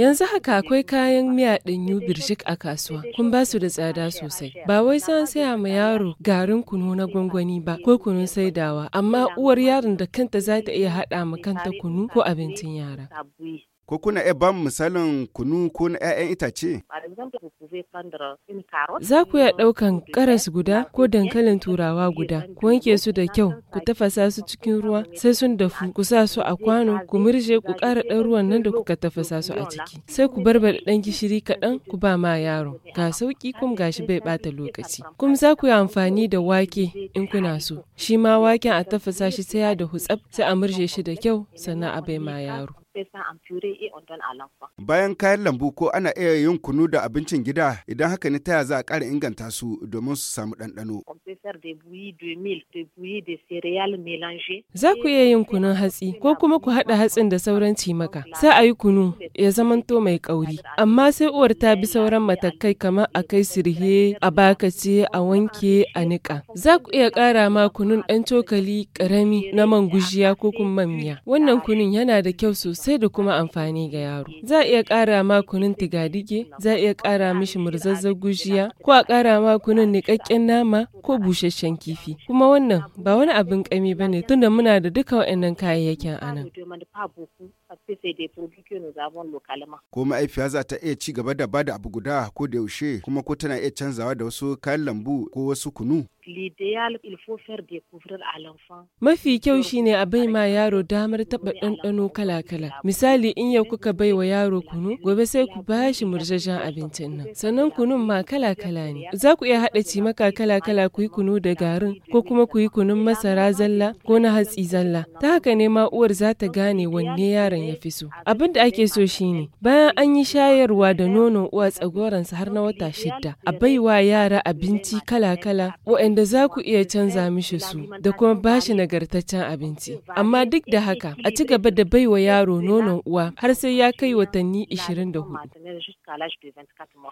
Yanzu haka akwai kayan miya ɗanyu birjik a kasuwa, kun ba su da tsada sosai. Ba wai san saya ma yaro garin kunu na gwangwani ba ko kunun saidawa, amma uwar yaron da kanta za ta iya haɗa ma kanta kunu ko abincin yara. Ko kuna iya ban misalin kunu ko na 'ya'yan itace? Za ku iya ɗaukan karas guda ko dankalin turawa guda, ku wanke su da kyau, ku tafasa su cikin ruwa, sai sun dafu, ku sa su a kwano, ku murje ku ƙara ɗan ruwan nan da kuka tafasa su a ciki. Sai ku barbaɗa ɗan gishiri kaɗan ku ba ma yaro. Ga sauƙi kum gashi bai ɓata lokaci. Kum za ku yi amfani da wake in kuna so. Shi ma waken a tafasa shi sai ya dahu tsab, sai a murje shi da kyau sannan a bai ma yaro. fait on don Bayan kayan lambu ko ana iya yin kunu da abincin gida idan haka ne taya za a ƙara inganta su domin su samu ɗanɗano. On peut faire de mil, de cereal Za ku iya yin kunun hatsi ko kuma ku haɗa hatsin da sauran cimaka. Sai a yi kunu ya zamanto mai ƙauri. Amma sai uwar ta bi sauran matakai kamar a kai sirhe, a bakace, a wanke, a niƙa. Za ku iya ƙara ma kunun ɗan cokali ƙarami na man gujiya ko kuma miya. Wannan kunun yana da kyau sosai sosai da kuma amfani ga yaro. Za iya ƙara makunin tigadige, za iya ƙara mishi murzazzar gujiya, ko a ƙara makunin kunun niƙaƙƙen nama ko busasshen kifi. Kuma wannan ba wani abin ƙami ba ne tunda muna da duka waɗannan kayayyakin a nan. Ko ma'aifiya za ta iya ci gaba da bada abu guda ko da yaushe kuma ko tana iya canzawa da wasu kayan lambu ko wasu kunu. Mafi kyau shine a bai ma yaro damar taɓa ɗanɗano kala-kala. Misali in yau kuka bai wa yaro kunu, gobe sai ku ba shi abincin nan. Sannan kunun ma kala-kala ne. Za ku iya haɗa cimaka kala-kala ku yi kunu da garin, ko kuma ku yi kunun masara zalla ko na hatsi zalla. Ta haka ne ma uwar za ta gane wanne yaron ya fi so. Abin da ake so shine bayan an yi shayarwa da nonon uwa tsagoransa har na wata shidda, a bai wa yara abinci kala-kala waɗanda wanda za ku iya canza mishi su da kuma bashi nagartaccen abinci. Amma duk da haka a ci gaba da baiwa yaro nonon uwa har sai ya kai watanni 24.